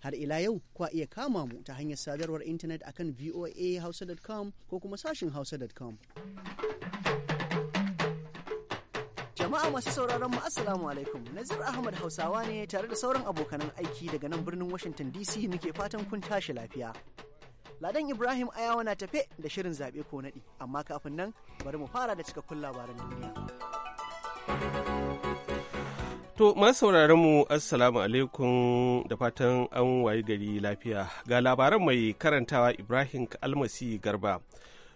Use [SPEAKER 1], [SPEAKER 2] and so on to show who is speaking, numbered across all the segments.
[SPEAKER 1] har ila yau kwa iya kama mu ta hanyar sadarwar intanet akan voahausa.com ko kuma sashin hausa.com. Jama'a masu sauraron mu Assalamu alaikum Nazir Ahmad Hausawa ne tare da sauran abokanan aiki daga nan birnin Washington DC muke fatan kun tashi lafiya. Ladan Ibrahim Ayawa na tafe da shirin zaɓe ko naɗi, amma kafin nan bari mu fara da cikakkun labaran duniya.
[SPEAKER 2] To, masu mu Assalamu alaikum da fatan an wayi gari lafiya. Ga labaran mai karantawa Ibrahim Almasi Garba.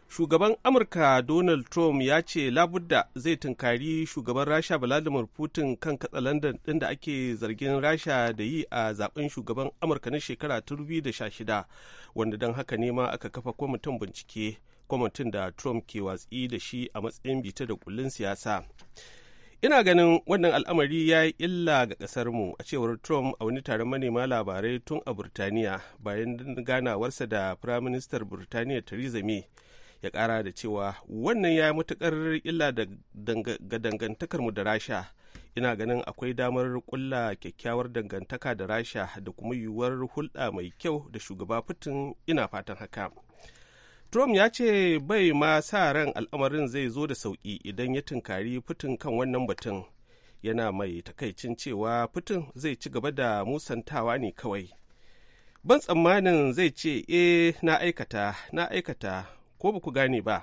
[SPEAKER 2] Shugaban Amurka Donald Trump ya ce labudda zai tunkari shugaban Rasha Vladimir Putin kan katsalandan ɗin da ake zargin Rasha da yi a zaben shugaban Amurka na shekara 2016, wanda don haka ne ma aka kafa kwamitin bincike, kwamitin da Trump ke watsi da shi a matsayin bita da kullun siyasa. ina ganin wannan al'amari ya yi illa ga ƙasarmu a cewar trump a wani taron manema labarai tun a burtaniya bayan ganawarsa da firaministar burtaniya theresa may ya ƙara da cewa wannan ya yi matuƙar illa ga dangantakarmu da rasha ina ganin akwai damar kulla kyakkyawar dangantaka da rasha da kuma yiwuwar hulɗa mai kyau da shugaba putin ina fatan haka Trump ya ce bai ma sa ran al'amarin zai zo da sauƙi idan ya tunkari fitin kan wannan batun. Yana mai takaicin cewa fitin zai ci gaba da musantawa ne kawai. Ban tsammanin zai ce, "E, na aikata, na aikata, ko ba ku gane ba."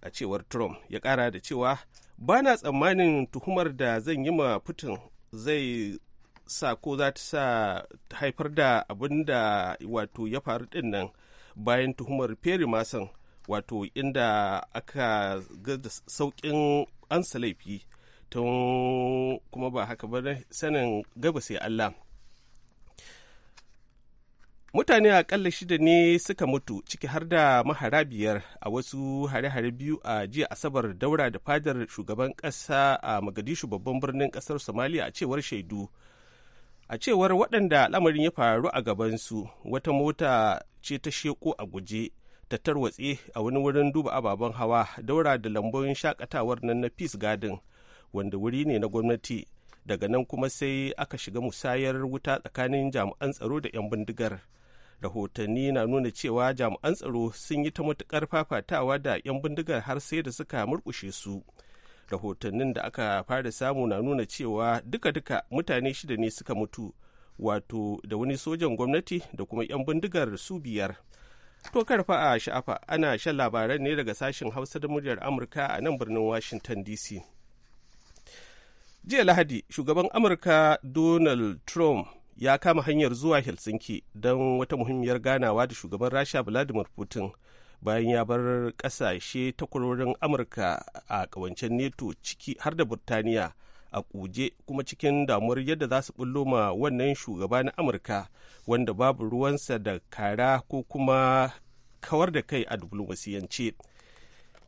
[SPEAKER 2] A cewar Trump ya kara da cewa, "Ba na tsammanin tuhumar da zan yi ma fitin zai sa ko za ta sa haifar da abin da wato ya faru ɗin nan." bayan tuhumar fere masan wato inda aka ga saukin ansa laifi tun kuma ba haka ba sanin gaba sai Allah. Mutane akalla shida ne suka mutu ciki har da mahara biyar a wasu hare-hare biyu a jiya Asabar daura da fadar shugaban ƙasa a Magadishu babban birnin ƙasar Somalia a cewar shaidu a cewar waɗanda lamarin ya faru a gabansu wata mota ce ta sheko a guje ta tarwatse a wani wurin duba ababen hawa daura da lambun shakatawar nan na peace garden wanda wuri ne na gwamnati daga nan kuma sai aka shiga musayar wuta tsakanin jami'an tsaro da 'yan bindigar rahotanni na nuna cewa jami'an tsaro sun yi ta matukar fafatawa da 'yan bindigar har sai da suka murkushe su rahotannin da aka fara samu na nuna cewa duka-duka mutane shida ne suka mutu wato da wani sojan gwamnati da kuma 'yan bindigar su biyar to karfa a sha'afa ana shan labaran ne daga sashen hausa da muryar amurka a nan birnin washington dc jiya lahadi shugaban amurka donald trump ya kama hanyar zuwa helsinki don wata muhimmiyar ganawa da shugaban rasha vladimir putin bayan ya bar kasashe takwarorin amurka a kawancen neto ciki har da burtaniya a kuje kuma cikin damuwar yadda za su bullo ma wannan shugaba na amurka wanda babu ruwansa da kara ko kuma kawar da kai a diflomasiyance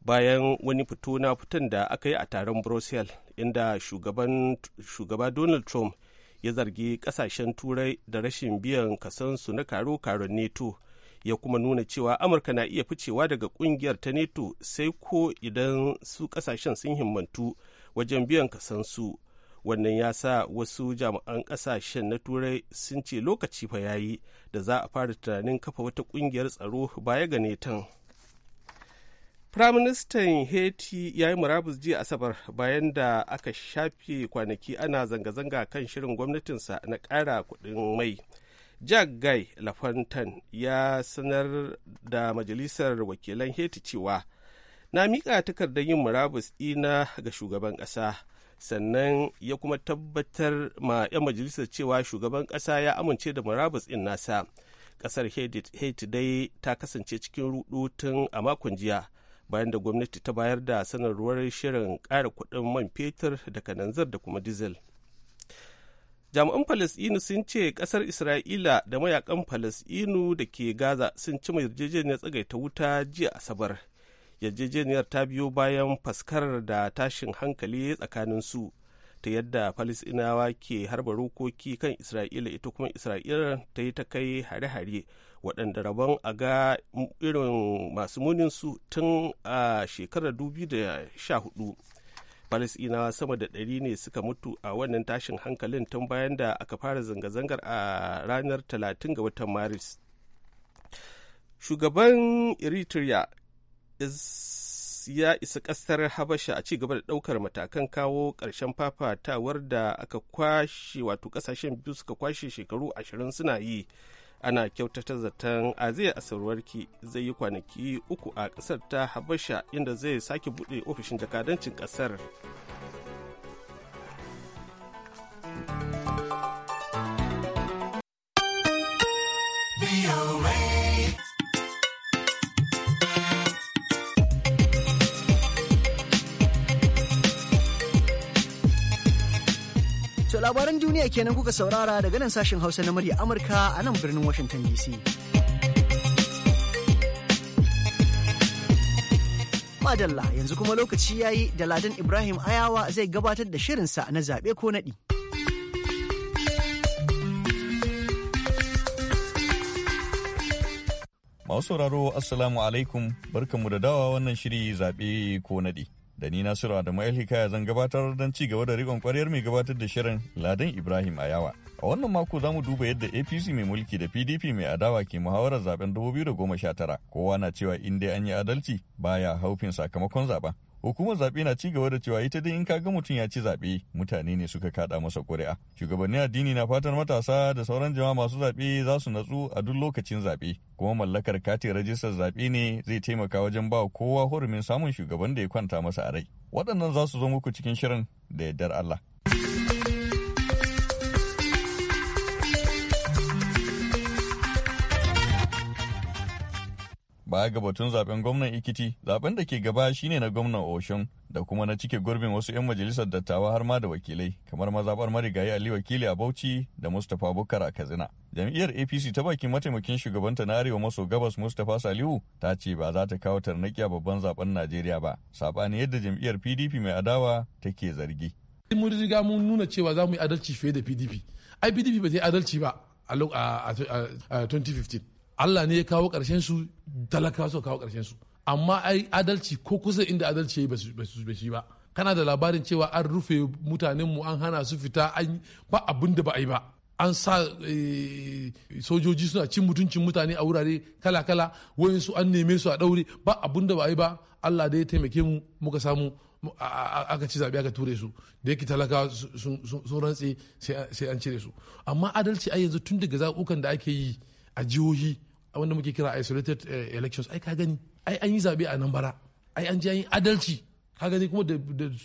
[SPEAKER 2] bayan wani fito na fitan da aka yi a taron brussels inda shugaba donald trump ya zargi kasashen turai da rashin biyan kasansu na karo-karon neto ya kuma nuna cewa amurka na iya ficewa daga kungiyar ta neto sai ko idan su kasashen sun himmantu wajen biyan kasansu wannan ya sa wasu jami'an kasashen na turai sun ce lokaci fa yayi da za a fara tunanin kafa wata kungiyar tsaro baya ga netan Firaministan Haiti ya yi murabus jiya Asabar bayan da aka shafe kwanaki ana zanga-zanga kan shirin gwamnatinsa na ƙara kuɗin mai. jack guy lafontaine ya sanar da majalisar wakilan haiti cewa na miƙa takardar yin murabus ɗina ga shugaban ƙasa sannan ya kuma tabbatar ma 'yan majalisar cewa shugaban ƙasa ya amince da murabus ɗin nasa ƙasar haiti dai ta kasance cikin rudu tun a makon jiya bayan da gwamnati ta bayar da sanarwar shirin ƙara kuɗin man fetur da kananzir da kuma dizal. jami'an falasɗinu sun ce ƙasar isra'ila da mayakan falasɗinu da ke gaza sun cima yarjejeniyar tsagaita wuta jiya asabar yarjejeniyar ta biyo bayan faskarar da tashin hankali tsakanin su ta yadda falasɗinawa ke harba rokoki kan isra'ila ita kuma isra'ila ta yi ta kai hare-hare waɗanda rabon a ga irin masu munin su tun a shekarar 2014 falasɗinawa sama da ɗari ne suka mutu a wannan tashin hankalin tun bayan da aka fara zanga-zangar a ranar 30 ga watan maris shugaban eritrea ya isa ƙasar habasha a ci gaba da ɗaukar matakan kawo ƙarshen fafatawar da aka kwashe wato ƙasashen biyu suka kwashe shekaru ashirin suna yi ana kyautata zaton aziya asarwarki zai yi kwanaki uku a kasar ta habasha inda zai sake buɗe ofishin jakadancin ƙasar
[SPEAKER 1] labaran duniya kenan kuka saurara daga nan sashen Hausa na murya Amurka a nan birnin Washington DC. Madalla yanzu kuma lokaci yayi da Ladan Ibrahim Ayawa zai gabatar da shirinsa na zaɓe ko naɗi.
[SPEAKER 3] Masu sauraro Assalamu alaikum barkanmu da dawa wannan shiri zaɓe ko naɗi. da ni Nasiru Adamu Hikaya zan gabatar don ci gaba da rigon kwaryar mai gabatar da shirin Ladan Ibrahim Ayawa. A wannan mako zamu duba yadda APC mai mulki da PDP mai adawa ke muhawarar zaben 2019 kowa na cewa in dai an yi adalci baya haufin sakamakon zaben. Hukumar zaɓe na ci gaba da cewa ita dai in ka ga mutum ya ci zaɓe mutane ne suka kaɗa masa ƙuri'a. Shugabannin addini na fatan matasa da sauran jama'a masu zaɓe za su natsu a duk lokacin zaɓe. Kuma mallakar katin rajistar zaɓe ne zai taimaka wajen ba kowa hurumin samun shugaban da ya kwanta masa a rai. Waɗannan za su zo muku cikin shirin da yardar Allah. baya ga batun zaben gwamnan Ikiti, zaben da ke gaba shine na gwamnan Oshun da kuma na cike gurbin wasu 'yan majalisar dattawa har ma da wakilai, kamar mazaɓar marigayi Ali Wakili a Bauchi da Mustapha Bukar a kazina Jam'iyyar APC ta bakin mataimakin shugabanta na Arewa maso gabas Mustapha Salihu ta ce ba za ta kawo tarnaƙi a babban zaben Najeriya ba, saɓani yadda jam'iyyar PDP mai adawa take zargi.
[SPEAKER 4] Mun riga mun nuna cewa za mu yi adalci fiye da PDP. Ai PDP ba ta yi adalci ba a 2015. Allah ne ya kawo ƙarshen su talaka su kawo ƙarshen su amma ai adalci ko kusa inda adalci ba su shi ba kana da labarin cewa an rufe mutanen mu an hana su fita an ba abin da ba a yi ba an sa eh, sojoji suna cin mutuncin mutane a wurare kala-kala su an neme su a daure ba abin da ba a yi ba Allah da ya taimake mu muka samu aka ci zaɓe aka ture su da yake talaka sun rantse sai an cire su amma adalci a yanzu tun daga za'ukan da ake yi a jihohi wanda muke kira isolated eh, elections ai ka gani ai an yi zaɓe a nan bara ai an ji an yi adalci ka gani kuma da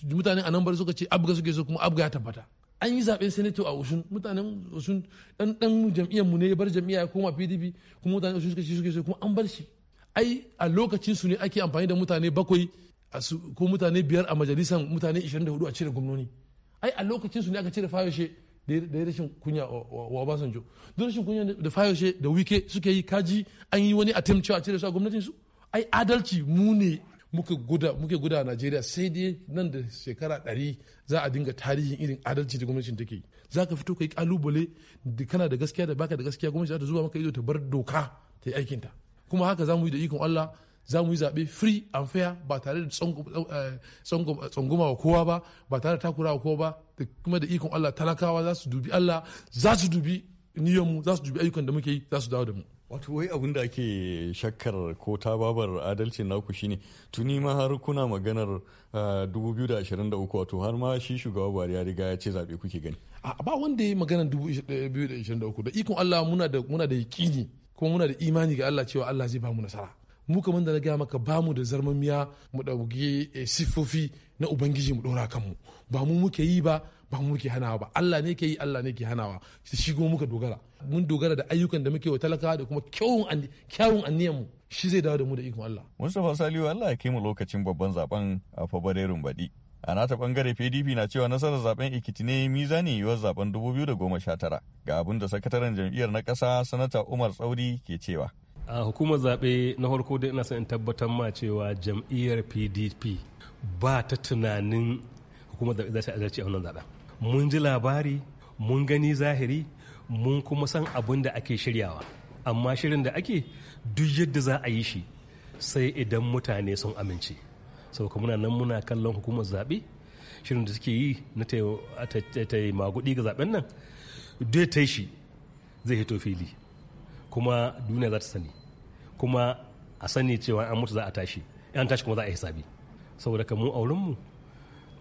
[SPEAKER 4] mutanen a nan bara suka ce abga suke so kuma abga ya tabbata an yi zaɓen senator a usun mutanen usun dan dan jam'iyyar mu ne ya bar jam'iyya ya koma pdp kuma mutanen usun suka ce suke so kuma an bar shi ai a lokacin su ne ake amfani da mutane bakwai ko mutane biyar a majalisar mutane 24 a cire gwamnoni ai a lokacin su ne aka cire fayoshe da ya rashin kunya wa Obasanjo da rashin kunya da fayoshe da wike suke yi kaji an yi wani attempt cewa cire su a gwamnatin su ai adalci mu ne muke guda muke guda a Najeriya sai dai nan da shekara ɗari za a dinga tarihin irin adalci da gwamnatin take yi za ka fito ka yi kalubale da kana da gaskiya da baka da gaskiya gwamnati za ta zuba maka ido ta bar doka ta yi aikinta kuma haka za mu yi da ikon Allah za mu yi zaɓe free and fair ba tare da tsanguma eh, wa kowa ba ba tare da takura wa kowa ba da kuma da ikon Allah talakawa za su dubi Allah za su dubi mu. za su dubi ayyukan da muke yi za su dawo da mu. wato wai abin da
[SPEAKER 3] ake shakkar ko ta babar adalci naku shine tuni ma har kuna maganar 2023 eh, wato har ma shi shugaba buhari ya riga ya ce zaɓe kuke gani
[SPEAKER 4] a ba wanda ya yi maganar 2023 eh, da ikon allah muna da muna da yaƙini kuma muna da imani ga allah cewa allah zai ba mu nasara mu kamar da na gaya maka ba mu da zarmamiya mu ɗauki eh, siffofi na ubangiji mu ɗora kanmu ba mu muke yi ba ba mu muke hanawa ba Allah ne ke yi Allah ne ke hanawa shi kuma muka dogara mun dogara da ayyukan da muke wa talakawa da kuma kyawun anniyan mu shi zai dawo da mu da ikon Allah
[SPEAKER 3] Mustapha Saliu Allah ya kai mu lokacin babban zaben a Fabrairun baɗi a nata bangare pdp na cewa nasarar zaben ikiti ne mizanin yiwuwar zaben tara ga abin da sakataren jam'iyyar na ƙasa sanata umar tsauri ke cewa
[SPEAKER 5] a hukumar zaɓe na farko dai ina son in tabbatar ma cewa jam'iyyar pdp ba ta tunanin hukumar zaɓe za ta azarci a wannan zaɓen mun ji labari mun gani zahiri mun kuma san abin da ake shiryawa amma shirin da ake duk yadda za a yi shi sai idan mutane sun amince sauka muna nan muna kallon hukumar zaɓe shirin da suke yi na taimagudi ga zaɓen nan duk ta shi zai hito fili kuma duniya za ta sani kuma a sani cewa an mutu za a tashi an tashi kuma za a yi hisabi saboda ka mu aurenmu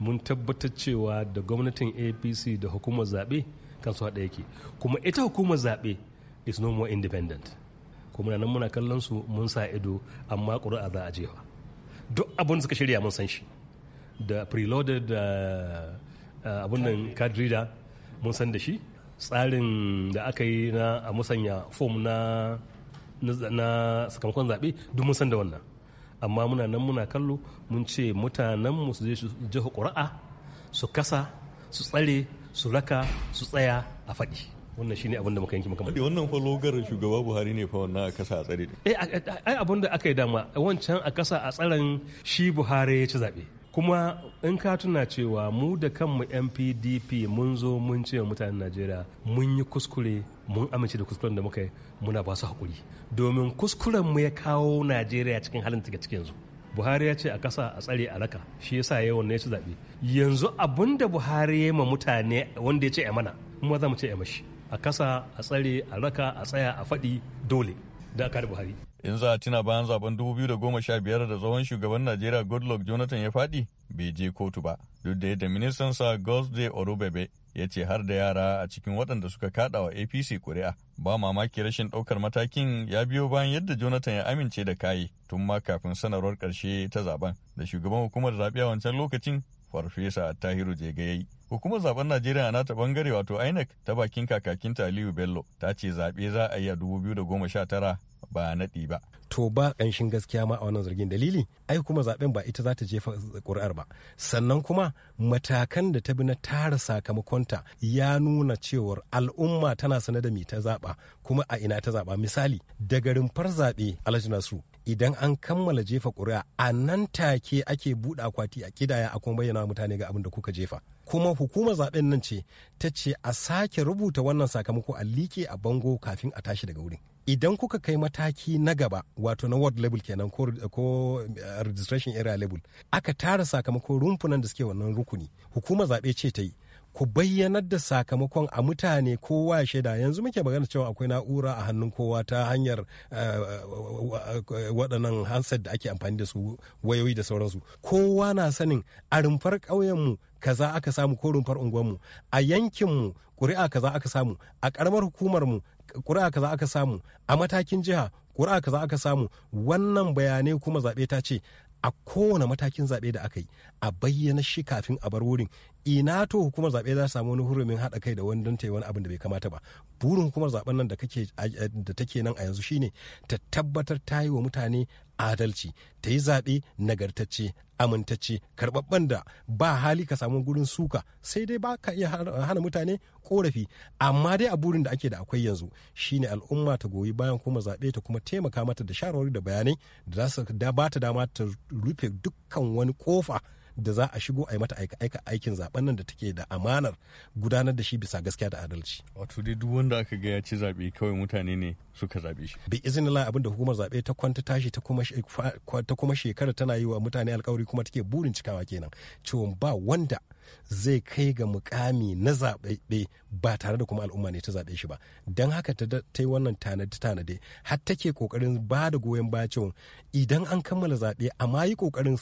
[SPEAKER 5] mun tabbatar cewa da gwamnatin apc da hukumar zaɓe kan su haɗa yake kuma ita hukumar zaɓe is no more independent kuma nan muna kallon su mun sa ido amma ƙuri'a za a jewa duk abin suka shirya mun san shi da preloaded da eh, abin nan kadrida mun san da shi tsarin da aka yi na a musanya fom na sakamakon zaɓe duk mun san da wannan amma muna nan muna kallo mun ce mutanenmu su je su jiha ƙura'a su kasa su tsare su raka su tsaya a faɗi
[SPEAKER 3] wannan shine abin da muka yanki muka mutu wannan fa logarin shugaba buhari ne fa wannan a kasa a tsare
[SPEAKER 5] eh ai abin da aka yi dama wancan a kasa a tsaren shi buhari ya ci zaɓe kuma in ka tuna cewa mu da kanmu mpdp mun zo mun ce mutanen najeriya mun yi kuskure mun amince da kuskuren da muka yi muna ba su haƙuri domin kuskuren mu ya kawo najeriya cikin halin tuka cikin yanzu buhari ya ce a kasa a tsare a raka shi yasa yawan wannan ya ci zaɓe yanzu abin da buhari ya ma mutane wanda ya ce ya mana kuma za mu ce ya mashi a kasa a tsare a raka a tsaya a faɗi dole da aka da buhari
[SPEAKER 3] in za a tuna bayan zaben 2015 da tsohon shugaban najeriya goodluck jonathan ya faɗi bai je kotu ba duk da yadda ministan sa gosde orobebe ya ce har da yara a cikin waɗanda suka kaɗa wa apc kuri'a ba mamaki rashin ɗaukar matakin ya biyo bayan yadda jonathan ya amince da kayi tun ma kafin sanarwar ƙarshe ta zaben da shugaban hukumar zaɓe a wancan lokacin farfesa tahiru jega ya yi hukumar zaben najeriya a nata bangare wato inec ta bakin kakakinta aliyu bello ta ce zaɓe za a yi a 2019 ba naɗi ba.
[SPEAKER 6] To ba ƙanshin gaskiya ma a wannan zargin dalili ai kuma zaɓen ba ita za ta jefa ƙuri'ar ba. Sannan kuma matakan da ta bi na tara sakamakonta ya nuna cewar al'umma tana sanar da me ta zaɓa kuma a ina ta zaɓa misali daga rumfar zaɓe Alhaji Nasu idan an kammala jefa ƙuri'a a nan take ake buɗe akwati a ƙidaya a kuma bayyana mutane ga abin da kuka jefa. kuma hukumar zaɓen nan ce ta ce a sake rubuta wannan sakamako a liƙe a bango kafin a tashi daga wurin idan kuka kai mataki na gaba wato na ward level kenan ko, ko eh, registration area level aka tara sakamakon rumfunan da suke wannan rukuni hukumar zaɓe ce ta yi ku bayyanar da sakamakon a mutane kowa ya shaida yanzu muke magana cewa akwai na'ura a hannun kowa ta hanyar eh, waɗannan hansar da ake amfani da su wayoyi da sauransu kowa na sanin a rumfar ƙauyenmu kaza aka samu ko rumfar unguwanmu a yankinmu ƙuri'a kaza aka samu a ƙaramar hukumarmu ƙuri'a kaza aka samu a matakin jiha ƙuri'a kaza aka samu wannan bayanai kuma zaɓe ta ce a kowane matakin zaɓe da aka yi a bayyana shi kafin a bar wurin ina to hukumar zaɓe za samu wani hurumin haɗa kai da wani don ta yi wani abin da bai kamata ba burin hukumar zaɓen nan da take nan a yanzu shine ta tabbatar ta yi wa mutane adalci ta yi zaɓe nagartacce amintacce karɓaɓɓen da ba hali ka samu gurin suka sai dai ba ka iya hana mutane korafi amma dai a burin da ake da akwai yanzu shine al'umma ta goyi bayan kuma zaɓe ta kuma taimaka mata da shawarwari da bayanai da za su ba ta dama ta rufe dukkan wani ƙofa. da za a shigo a yi mata aika aikin zaben nan da take da amanar gudanar da shi bisa gaskiya da
[SPEAKER 3] adalci wato dai duk wanda aka ga ci zabe kawai mutane ne suka zabe shi bi izini abin da hukumar
[SPEAKER 6] zaɓe ta kwanta tashi ta kuma ta kuma shekara tana yi wa mutane alkawari kuma take burin cikawa kenan cewa ba wanda zai kai ga mukami na zaɓaɓɓe ba tare da kuma al'umma ne ta zaɓe shi ba don haka ta yi wannan tanade-tanade har take kokarin ba da goyon baya idan an kammala zaɓe amma yi kokarin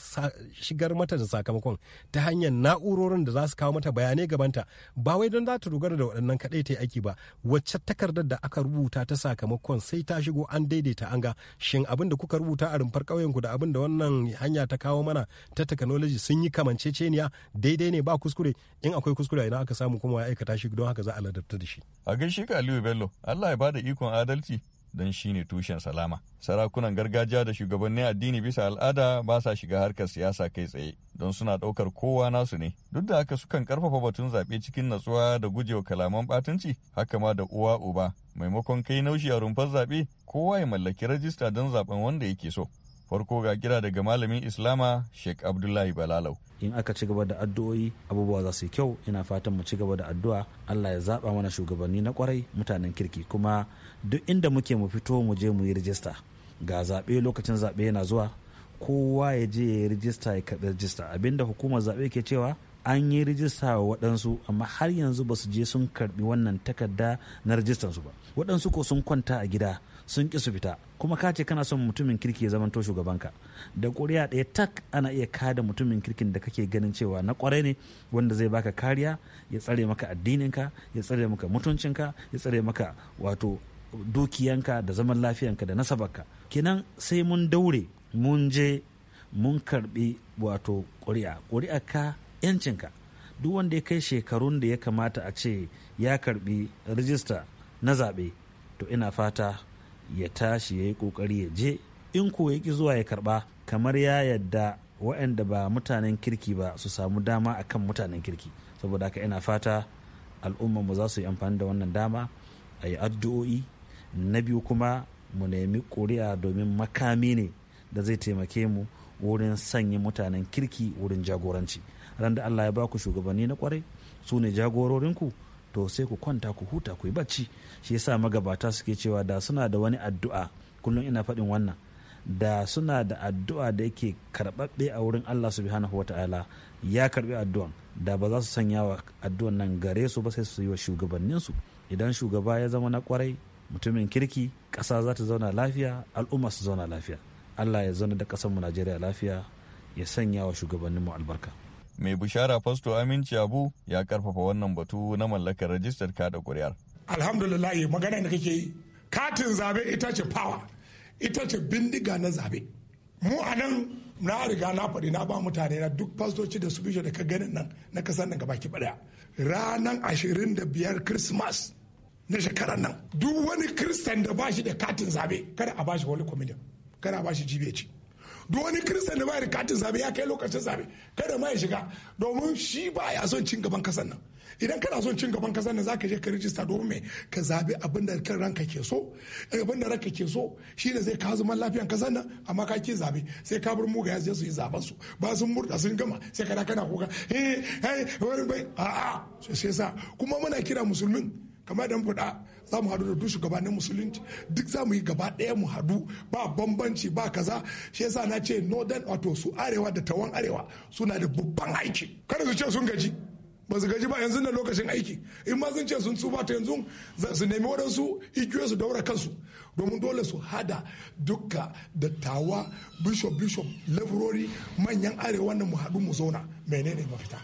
[SPEAKER 6] shigar mata da sakamakon ta hanyar na'urorin da za su kawo mata bayanai gabanta ba wai don za ta dogara da waɗannan kaɗai ta yi aiki ba wacce takardar da aka rubuta ta sakamakon sai ta shigo an daidaita an ga shin abin da kuka rubuta a rumfar ƙauyenku da abin da wannan hanya ta kawo mana ta technology sun yi kamanceceniya daidai ne ba kuskure in akwai kuskure idan aka samu kuma ya aikata shi don haka za a ladabta
[SPEAKER 3] da shi a gaishe ka Aliyu Bello Allah ya bada ikon adalci don shi ne tushen salama. Sarakunan gargajiya da shugabannin addini bisa al'ada ba sa shiga harkar siyasa kai tsaye don suna ɗaukar kowa nasu ne. Duk da haka sukan karfafa batun zaɓe cikin natsuwa da gujewa kalaman ɓatanci haka ma da uwa uba. Maimakon kai naushi a rumfar zaɓe kowa ya mallaki rajista don zaɓen wanda yake so. farko ga kira daga malamin islama sheikh abdullahi balalau
[SPEAKER 7] in aka ci gaba da addu'o'i abubuwa za su yi kyau ina fatan mu ci gaba da addu'a allah ya zaba mana shugabanni na kwarai mutanen kirki kuma duk inda muke mu fito mu je mu yi rijista ga zaɓe lokacin zaɓe yana zuwa kowa ya je ya yi rijista ya karɓi rijista abinda hukumar zaɓe ke cewa an yi rijista wa waɗansu amma har yanzu ba su je sun karɓi wannan takarda na rijistansu ba waɗansu ko sun kwanta a gida sun ki su fita kuma ka ce kana son mutumin kirki ya zamanto shugabanka da ƙuri'a ɗaya tak ana iya kada mutumin kirkin da kake ganin cewa na ƙwarai ne wanda zai baka kariya ya tsare maka addininka ya tsare maka mutuncinka ya tsare maka wato dukiyanka da zaman lafiyanka da nasabarka kenan sai mun daure mun je mun karbi wato ƙuri'a ƙuri'a ka yancinka duk wanda ya kai shekarun da ya kamata a ce ya karbi rijista na zaɓe to ina fata ya tashi ya yi kokari ya je in ko ya ki zuwa ya karba kamar ya yadda waɗanda ba mutanen kirki ba su samu dama a kan mutanen kirki saboda haka ina fata al'ummar mu za su yi amfani da wannan dama a yi addu'o'i na biyu kuma mu nemi ƙuri'a domin makami ne da zai taimake mu wurin sanya mutanen kirki wurin jagoranci ran da allah ya baku shugabanni na kwarai su ne jagororinku to sai ku kwanta ku huta ku yi bacci shi yasa magabata suke cewa da suna da wani addu'a kullum ina faɗin wannan da suna da addu'a da yake karɓaɓɓe a wurin Allah subhanahu wa ta'ala ya karɓi addu'an da ba za su sanya wa addu'an nan gare su ba sai su yi wa shugabanninsu idan shugaba ya zama na kwarai mutumin kirki ƙasa za ta zauna lafiya al'umma
[SPEAKER 3] su zauna lafiya Allah ya zauna da mu Najeriya lafiya ya sanya wa shugabanninmu albarka. mai bishara fasto aminci abu ya karfafa wannan batu na mallakar rajistar kada kuri'ar
[SPEAKER 8] alhamdulillah magana da kake yi katin zabe ita ce power ita ce bindiga na zabe mu a nan na riga na faɗi na ba mutane na duk fastoci da su bishe da ka ganin nan na kasan nan gabaki ɗaya ranar ashirin da biyar christmas na shekarar nan duk wani kristan da ba shi da katin zabe kada a ba shi wani kwamitin kada a ba shi duk wani kiristan da ba rikatin katin zabe ya kai lokacin zabe kada ma shiga domin shi ba ya son cin gaban kasan nan idan kana son cin gaban kasan nan zaka je ka rijista domin me ka zabe abin da kan ranka ke so eh, abin da ranka ke so shi ne zai kawo zaman lafiyan kasan nan amma ka ke zabe sai ka bar muga yaje su yi zaben su ba sun murda sun gama sai ka kana kana kuka eh eh wani bai a'a sai sa kuma muna kira musulmin kamar da faɗa za mu haɗu da duk shugabannin musulunci duk za mu yi gaba ɗaya mu haɗu ba bambanci ba kaza shi yasa na ce northern wato su arewa da tawan arewa suna da babban aiki kada su ce sun gaji ba su gaji ba yanzu na lokacin aiki in ma sun ce sun tsufa ta yanzu su nemi waɗansu igiyoyi su daura kansu domin dole su hada dukka dattawa bishop bishop laburori manyan arewa wannan mu haɗu mu zauna menene mafita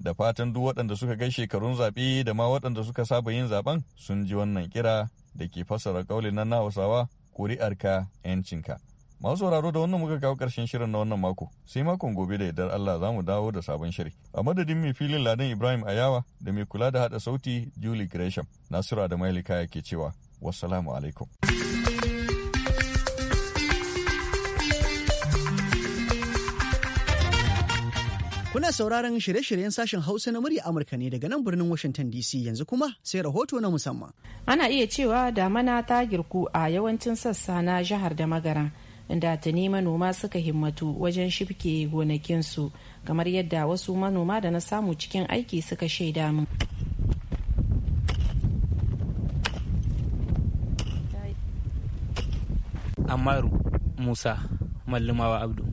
[SPEAKER 3] Da fatan duk waɗanda suka kai shekarun zaɓe da ma waɗanda suka saba yin zaɓen sun ji wannan kira da ke fassara ƙaulin nan na Hausawa ƙuri'arka 'yancinka. Masu sauraro da wannan muka kawo ƙarshen shirin na wannan mako, sai makon gobe da idan Allah za mu dawo da sabon shiri. A madadin mai filin Ladan Ibrahim Ayawa da mai kula da haɗa sauti Julie Gresham, Nasiru Adamaili Kaya ke cewa, Wassalamu alaikum.
[SPEAKER 1] Kuna sauraron shirye-shiryen sashen Hausa na murya Amurka ne daga nan birnin Washington DC yanzu kuma sai rahoto na musamman.
[SPEAKER 9] Ana iya cewa damana ta girku a yawancin sassa na jihar da magara inda tuni manoma suka himmatu wajen shifke gonakinsu kamar yadda wasu manoma da na samu cikin aiki suka shaida min.
[SPEAKER 10] Amaru Musa Mallumawa Abdu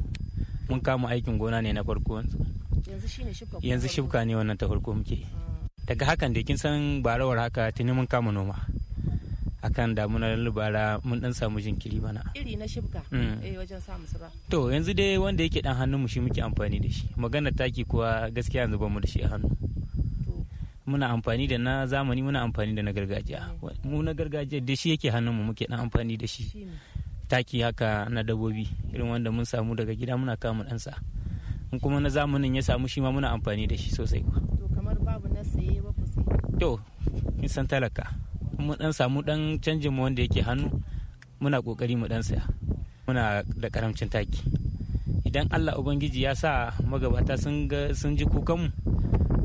[SPEAKER 10] mun kama aikin gona ne na farko yanzu shifka ne wannan ta farko muke mm. daga hakan da kin san barawar haka tuni mun kama noma akan damunar lubara mun dan samu jinkiri bana
[SPEAKER 9] iri na shibka
[SPEAKER 10] mm.
[SPEAKER 11] eh wajen samu su ba
[SPEAKER 10] to yanzu dai wanda yake dan hannun mu shi muke amfani da shi magana taki kuwa gaskiya yanzu ba mu da shi a hannu muna amfani da na zamani muna amfani da na gargajiya mm. mu na gargajiya da shi yake hannun mu muke dan amfani da shi taki haka na dabobi irin wanda mun samu daga gida muna kama dan sa kuma na zamanin ya samu shi ma muna amfani da shi sosai kuwa
[SPEAKER 9] to kamar babu na saye ba ku sai.
[SPEAKER 10] to in san talaka mun dan samu dan canjin mu wanda yake hannu muna kokari mu dan saya muna da karamcin taki idan Allah ubangiji ya sa magabata sun sun ji kukan mu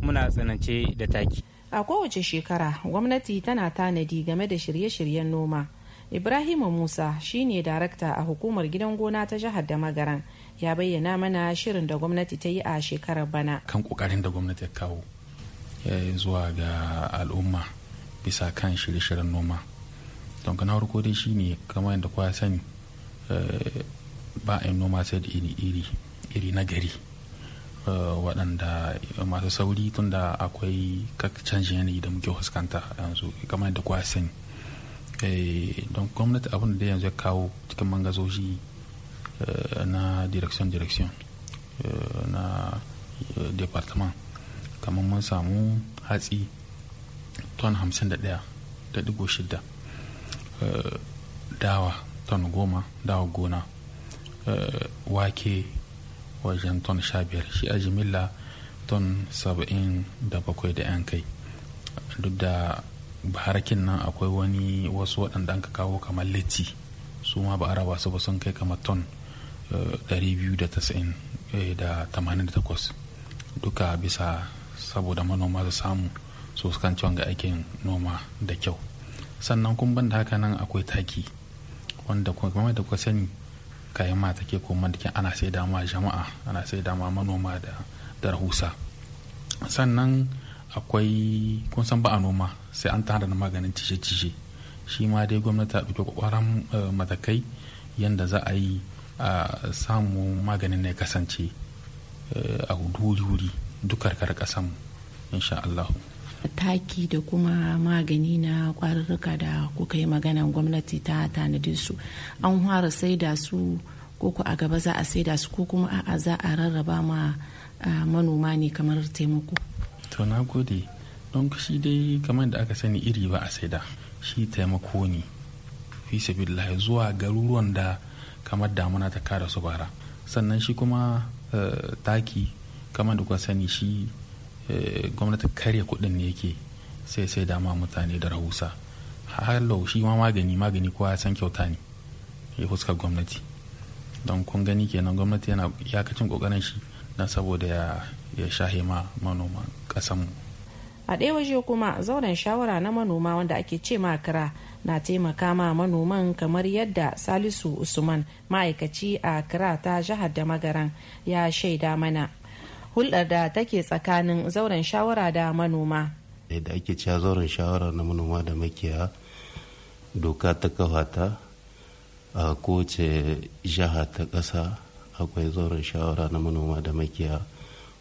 [SPEAKER 10] muna tsanance da taki
[SPEAKER 9] a kowace shekara gwamnati tana tanadi game da shirye-shiryen noma Ibrahima Musa shine darakta a hukumar gidan gona ta jihar da magaran ya bayyana mana shirin da gwamnati ta yi a shekarar
[SPEAKER 12] bana. Kan kokarin da gwamnati ya kawo zuwa ga al'umma bisa kan shirye-shiryen noma. Don na harko dai shine kamar yadda kowa sani eh, ba a noma sai da iri-iri na gari eh, waɗanda masu sauri tunda akwai canjin yanayi da muke fuskanta yanzu kamar yadda kowa sani Eh, don gwamnati abin da yanzu ya kawo cikin mangazoji eh, na direction direction eh, na département kamar mun samu hatsi ton da shida dawa ton goma dawa gona wake wajen ton biyar shi a jimilla ton 77 da yan kai duk da baharakin nan akwai wani wasu waɗanda an ka kawo kamar leti su ma ba a su ba sun kai kamar ton 298 eh, eh, duka bisa saboda manoma su samu su kan cewa ga aikin noma da kyau sannan kun banda da haka nan akwai taki wanda kuma da kuka sani kayan ma take kuma da ana sai dama jama'a ana sai dama manoma da rahusa sannan akwai kun san ba a noma sai an tara da maganin tishe-tishe shi ma dai gwamnati ta ɗauki kwakwaran eh, matakai yadda za a yi a samu maganin ya kasance eh, a wuri dukar dukarkar kasan insha Allah.
[SPEAKER 9] taki da kuma magani na kwarurruka da kuka yi maganan gwamnati ta tanadi su an fara saida su ko a gaba za a saida su ko kuma a za a rarraba ma eh, manoma ne kamar taimako
[SPEAKER 12] to na gode don shi dai kamar da aka sani iri ba a saida shi taimako ne fi zuwa garuruwan da kamar damuna ta kara su bara sannan shi kuma eh, taki kamar da kuka sani shi eh, gwamnati karya kudin ne yake sai sai dama mutane da rahusa halau shi ma magani magani kowa ya san kyauta ne ya fuskar gwamnati don kun gani kenan gwamnati yana iyakacin kokarin shi na saboda ya ya shahe ma manoman ƙasanmu
[SPEAKER 9] a ɗaya waje kuma zauren shawara na manoma wanda ake ce makara na taimaka ma manoman kamar yadda salisu usman ma'aikaci a kira ta jihar da magaran ya shaida mana hulɗar da take tsakanin zauren shawara da manoma
[SPEAKER 13] yadda ake cewa zauren shawara na manoma da makiya doka ta ta a kowace jiha ta ƙasa akwai zauren shawara na manoma da makiya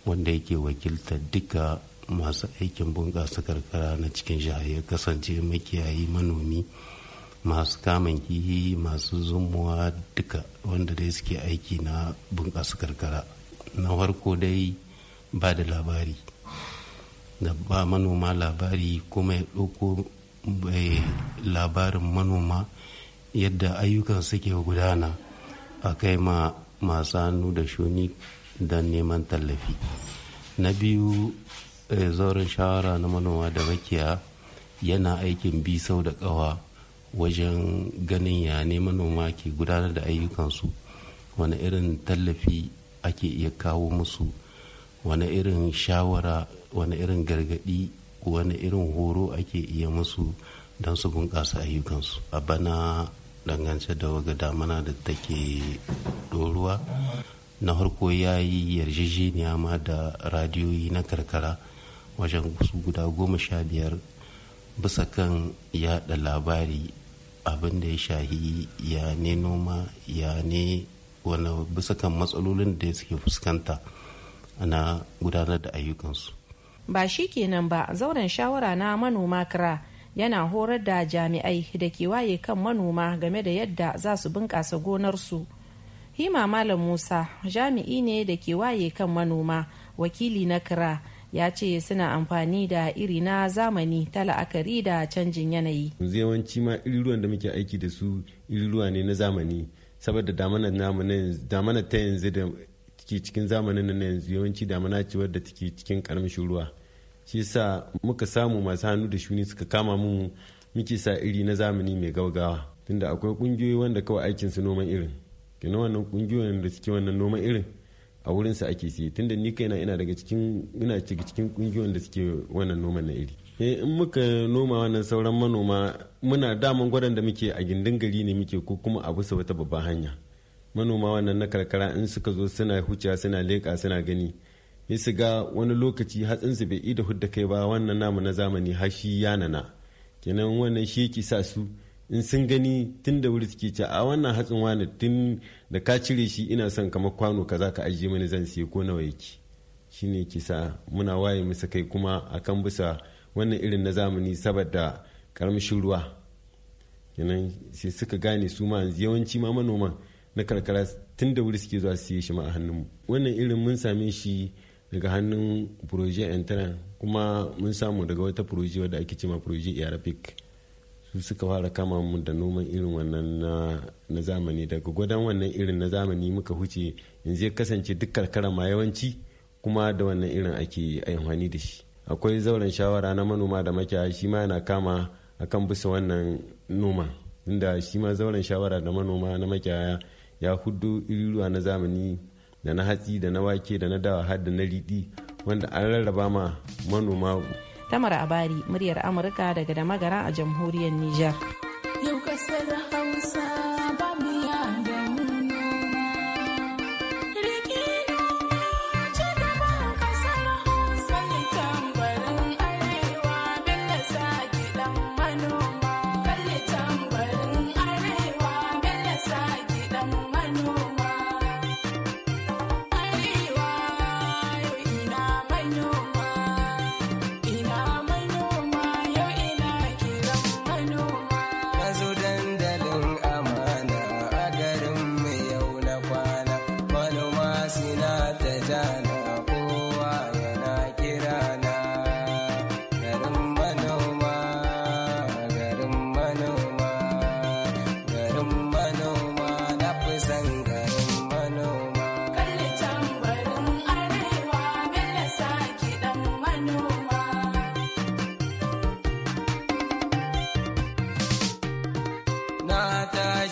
[SPEAKER 13] wanda yake wakilta duka masu aikin bunƙasa karkara na cikin jihar ya kasance makiyayi manomi masu kamun kihi masu zumuwa duka wanda dai suke aiki na bunƙasa karkara na farko dai ba da labari da ba manoma labari kuma ya ɗauko eh, labarin manoma yadda ayyukan suke gudana a kai ma masu hannu da shuni don neman tallafi na biyu eh, zauren shawara na manoma da makiya yana aikin bi sau da ƙawa wajen ganin ya ne manoma ke gudanar da ayyukansu wani irin tallafi ake iya kawo musu wani irin shawara wani irin gargadi wani irin horo ake iya musu don su bunƙasa ayyukansu a bana dangance da waga damana da take doruwa na harko ya yi yarjejeniya ma da radiyoyi na karkara wajen guda goma sha biyar bisa kan yada labari abin da ya shahi ya ne noma ya ne wani bisa kan matsalolin da suke fuskanta na gudanar da ayyukansu
[SPEAKER 9] ba shi kenan ba zauren shawara na manoma kara yana horar da jami'ai da ke waye kan manoma game da yadda za su bunƙasa gonarsu hima malam musa jami'i ne da ke waye kan manoma wakili na kira ya ce suna amfani da iri na zamani ta la'akari da canjin yanayi.
[SPEAKER 14] yanzu yawanci ma iri ruwan da muke aiki da su iri ruwa ne na zamani saboda damana ta yanzu da ke cikin zamanin na yanzu yawanci damana ce wadda take cikin karamshin ruwa shi sa muka samu masu hannu da shuni suka kama mu muke sa iri na zamani mai gaugawa tunda akwai kungiyoyi wanda kawai aikinsu su noman irin kina wannan kungiyoyin da suke wannan noma irin a wurin sa ake siye tunda ni kaina ina daga cikin ina cikin cikin kungiyoyin da suke wannan noman na iri eh, in muka noma wannan sauran manoma muna daman gwadon da muke a gindin gari ne muke ko kuma a bisa wata babban hanya manoma wannan na karkara in suka zo suna huciya suna leka suna gani sai su ga wani lokaci hatsinsu bai ida hudda kai ba wannan namu na zamani har shi yanana kenan wannan shi yake sa su in sun gani tun da wuri suke ce a wannan hatsin wani tun da ka cire shi ina son kamar kwano ka za ka ajiye mani zan siya ko nawa yake shine kisa muna waye musu kai kuma a kan bisa wannan irin na zamani saboda karamshin ruwa kenan sai suka gane su ma yawanci ma manoma na karkara tun da wuri suke zuwa su shi ma a hannunmu wannan irin mun same shi daga hannun proje entran kuma mun samu daga wata proje wadda ake ma proje arabic su suka fara kama mu da noman irin wannan na zamani daga gudan wannan irin na zamani muka huce yanzu ya kasance duk karkara ma yawanci kuma da wannan irin ake amfani da shi akwai zauren shawara na manoma da makiyaya shi ma yana kama akan bisa wannan noma inda shi ma zauren shawara da manoma na makiyaya ya hudu iriruwa na zamani da na hatsi da na wake da na dawa har da na riɗi wanda an rarraba ma manoma
[SPEAKER 9] Tamara Abari, muryar Amurka daga da magara a jamhuriyar Niger.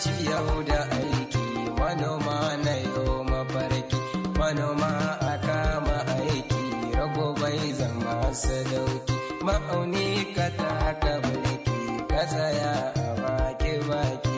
[SPEAKER 10] tashi yau da aiki manoma na yau mafarki manoma a kama aiki rago bai zama sadauki ma'auni ka taka mulki ka tsaya a baki baki